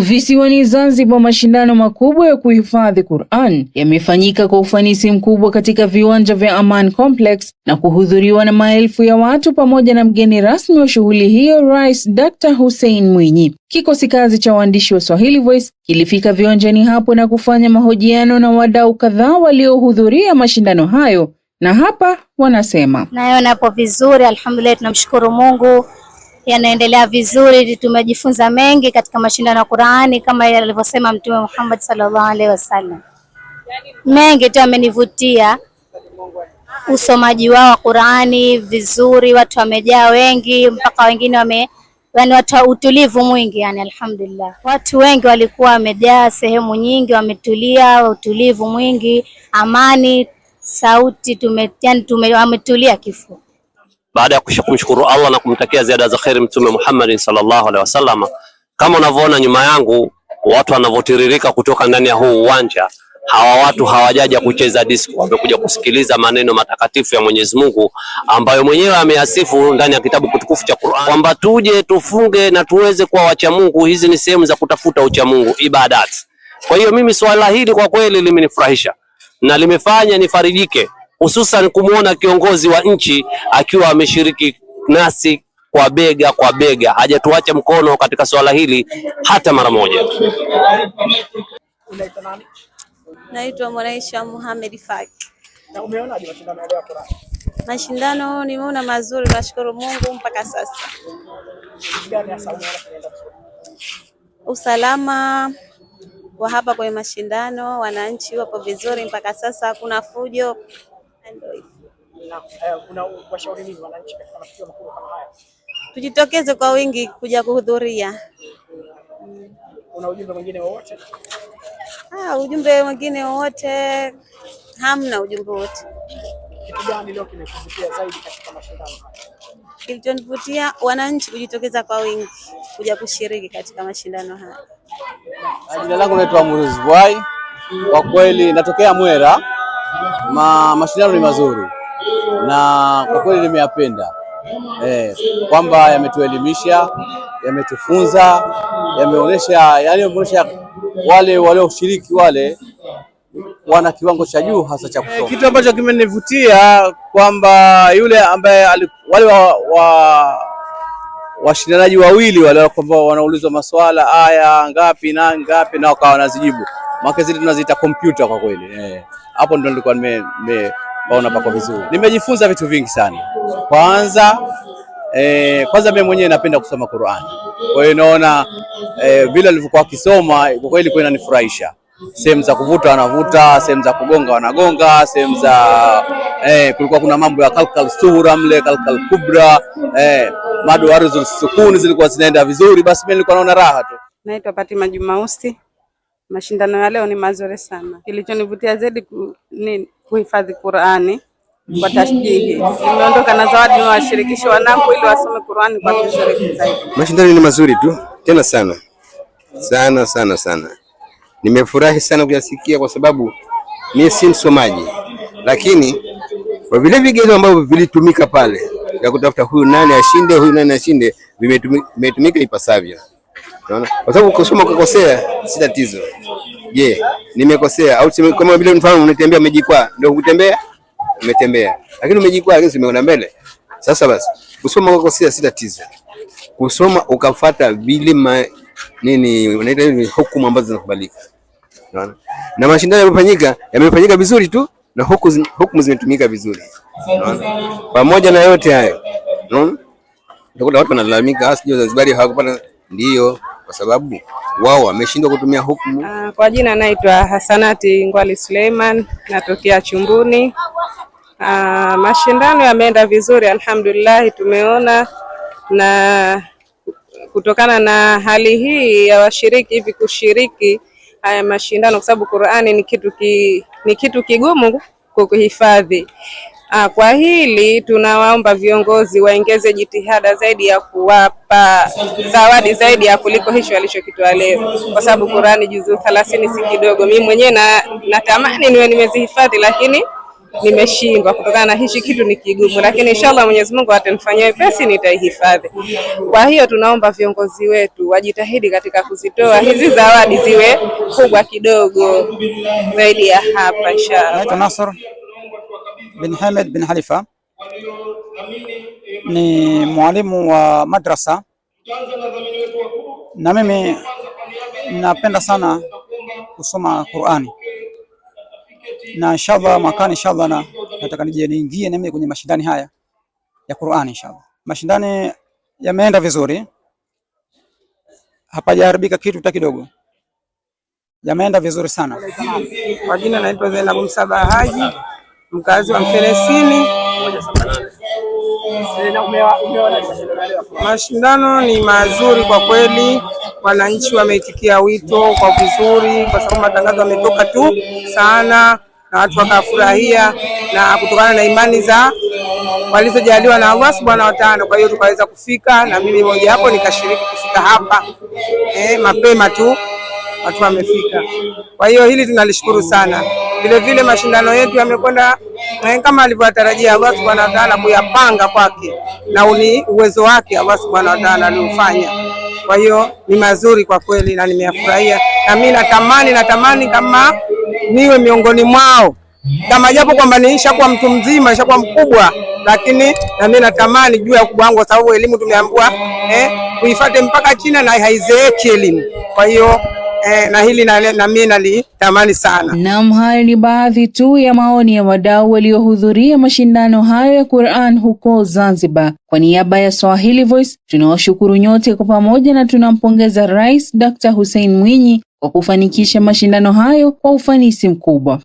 Visiwani Zanzibar, mashindano makubwa ya kuhifadhi Qur'an yamefanyika kwa ufanisi mkubwa katika viwanja vya Aman Complex na kuhudhuriwa na maelfu ya watu pamoja na mgeni rasmi wa shughuli hiyo, Rais Dr. Hussein Mwinyi. Kikosi kazi cha waandishi wa Swahili Voice kilifika viwanjani hapo na kufanya mahojiano na wadau kadhaa waliohudhuria mashindano hayo, na hapa wanasema. Nayo napo vizuri, alhamdulillah, tunamshukuru Mungu yanaendelea vizuri. Tumejifunza mengi katika mashindano ya Qur'ani kama alivyosema Mtume Muhammad sallallahu alaihi wasallam. Mengi tu amenivutia usomaji wao wa Qur'ani vizuri, watu wamejaa wengi, mpaka wengine wame yani watu wa utulivu mwingi yani, alhamdulillah, watu wengi walikuwa wamejaa sehemu nyingi, wametulia, utulivu mwingi, amani, sauti tume, yani tume, wametulia kifua baada ya kumshukuru Allah na kumtakia ziada za kheri Mtume Muhammad sallallahu alaihi wasallam, kama unavyoona nyuma yangu watu wanavyotiririka kutoka ndani ya huu uwanja. Hawa watu hawajaja kucheza disco, wamekuja kusikiliza maneno matakatifu ya Mwenyezi Mungu ambayo mwenyewe ameyasifu ndani ya kitabu kutukufu cha Qur'an kwamba tuje tufunge na tuweze kuwa wacha Mungu. Hizi ni sehemu za kutafuta ucha Mungu, ibadat. Kwa hiyo mimi swala hili kwa kweli limenifurahisha na limefanya nifarijike hususan kumwona kiongozi wa nchi akiwa ameshiriki nasi kwa bega kwa bega, hajatuacha mkono katika suala hili hata mara moja. Naitwa Mwanaisha Muhamed Faki. Mashindano nimeona mazuri, nashukuru Mungu mpaka sasa. Usalama wa hapa kwenye mashindano, wananchi wapo vizuri mpaka sasa, hakuna fujo. Tujitokeze kwa wingi kuja kuhudhuria. Kuna ujumbe mwingine wowote? Ah, ujumbe mwingine wowote? Hamna ujumbe wote. Kitu gani leo kimekuvutia zaidi katika mashindano haya? Kilichonivutia wananchi kujitokeza kwa wingi kuja kushiriki katika mashindano haya. Jina langu naitwa Muruzi Bwai, kwa kweli natokea Mwera Ma, mashindano ni mazuri na kwa kweli nimeyapenda eh, kwamba yametuelimisha, yametufunza, yameonyesha yani yameonyesha wale walioshiriki wale wana kiwango cha juu hasa cha kusoma. Eh, kitu ambacho kimenivutia kwamba yule ambaye wale washindanaji wa, wa wawili wale ambao wanaulizwa maswala haya ngapi na ngapi na wakawa wanazijibu, maana zile tunaziita kompyuta kwa kweli eh hapo ndo nilikuwa nimeona pako vizuri. Nimejifunza vitu vingi sana. Kwanza eh, kwanza mimi mwenyewe napenda kusoma Qur'ani, kwa hiyo naona eh, vile alivyokuwa akisoma kwa kweli kwa inanifurahisha. Sehemu za kuvuta wanavuta, sehemu za kugonga wanagonga, sehemu za eh, kulikuwa kuna mambo ya kalkal sura mle kalkal kubra eh, madu arzu sukuni zilikuwa zinaenda vizuri, basi mimi nilikuwa naona raha tu. Naitwa Fatima Jumausi. Mashindano ya leo ni mazuri sana. Kilichonivutia zaidi ni kuhifadhi Qur'ani kwa tashbihi. Nimeondoka na zawadi na washirikishi wanangu ili wasome Qur'ani kwa vizuri zaidi. Mashindano ni mazuri tu tena sana sana sana sana. Nimefurahi sana kuyasikia kwa sababu mimi si msomaji, lakini kwa vile vigezo ambavyo vilitumika pale ya kutafuta huyu nani ashinde, huyu nani ashinde, vimetumika ipasavyo. Unaona? Kwa sababu ukisema ukakosea si tatizo. Je, yeah, nimekosea au kama vile mfano unatembea umejikwaa, ndio kutembea? Umetembea. Lakini umejikwaa lakini umeona mbele. Sasa basi, kusoma ukakosea si tatizo. Kusoma ukafuata vile ma, nini unaita ni hukumu ambazo zinakubalika. Unaona? Na mashindano yamefanyika, yamefanyika vizuri tu na huku hukumu zimetumika vizuri. Unaona? Pamoja na yote hayo. Unaona? Ndio watu wanalalamika, ah, sijui Zanzibar hawakupata ndio kwa sababu wao wameshindwa kutumia hukumu. Uh, ah, kwa jina naitwa Hasanati Ngwali Suleiman, natokea Chumbuni. Uh, mashindano yameenda vizuri alhamdulillah, tumeona na kutokana na hali hii ya washiriki hivi kushiriki haya mashindano, kwa sababu Qur'ani ni kitu ki, ni kitu kigumu kukuhifadhi Ah, kwa hili tunawaomba viongozi waongeze jitihada zaidi ya kuwapa zawadi zaidi ya kuliko hicho walichokitoa leo, kwa sababu Qur'ani juzuu thelathini si kidogo. Mimi mwenyewe na natamani niwe nimezihifadhi, lakini nimeshindwa kutokana na hichi kitu ni kigumu, lakini inshallah Mwenyezi Mungu atanifanyia pesi, nitaihifadhi. Kwa hiyo tunaomba viongozi wetu wajitahidi katika kuzitoa hizi zawadi ziwe kubwa kidogo zaidi ya hapa inshallah bin Hamed bin Halifa ni mwalimu wa madrasa, na mimi napenda sana kusoma Qur'ani, na inshallah mwakani, inshallah na nataka nije niingie na mimi kwenye mashindani haya ya Qur'ani inshallah. Mashindani yameenda vizuri, hapajaharibika kitu hata kidogo, yameenda vizuri sana. Kwa jina naitwa Zainabu Msaba Haji mkazi wa Mferesini. Mashindano ni mazuri kwa kweli, wananchi wameitikia wito kwa vizuri, kwa sababu matangazo yametoka tu sana na watu wakafurahia, na kutokana na imani za walizojaliwa na Allah subhanahu wa ta'ala. Kwa hiyo tukaweza kufika na mimi moja hapo nikashiriki kufika hapa eh, mapema tu watu wamefika. Kwa hiyo hili tunalishukuru sana. Vilevile mashindano yetu yamekwenda kama alivyotarajia Allah subhanahu wa ta'ala, kuyapanga kwake na uni uwezo wake Allah subhanahu wa ta'ala aliufanya. Kwa hiyo ni mazuri kwa kweli na nimeyafurahia, na mimi natamani natamani kama niwe miongoni mwao, kama japo kwamba niishakuwa mtu mzima, nishakuwa mkubwa, lakini na mimi natamani juu ya ukubwa wangu, kwa sababu elimu tumeambiwa eh, uifate mpaka China na haizeeki elimu. Kwa hiyo eh, na hili na, na mimi nalitamani sana. Naam, hayo ni baadhi tu ya maoni ya wadau waliohudhuria mashindano hayo ya Qur'an huko Zanzibar. Kwa niaba ya Swahili Voice tunawashukuru nyote kwa pamoja na tunampongeza Rais Dr. Hussein Mwinyi kwa kufanikisha mashindano hayo kwa ufanisi mkubwa.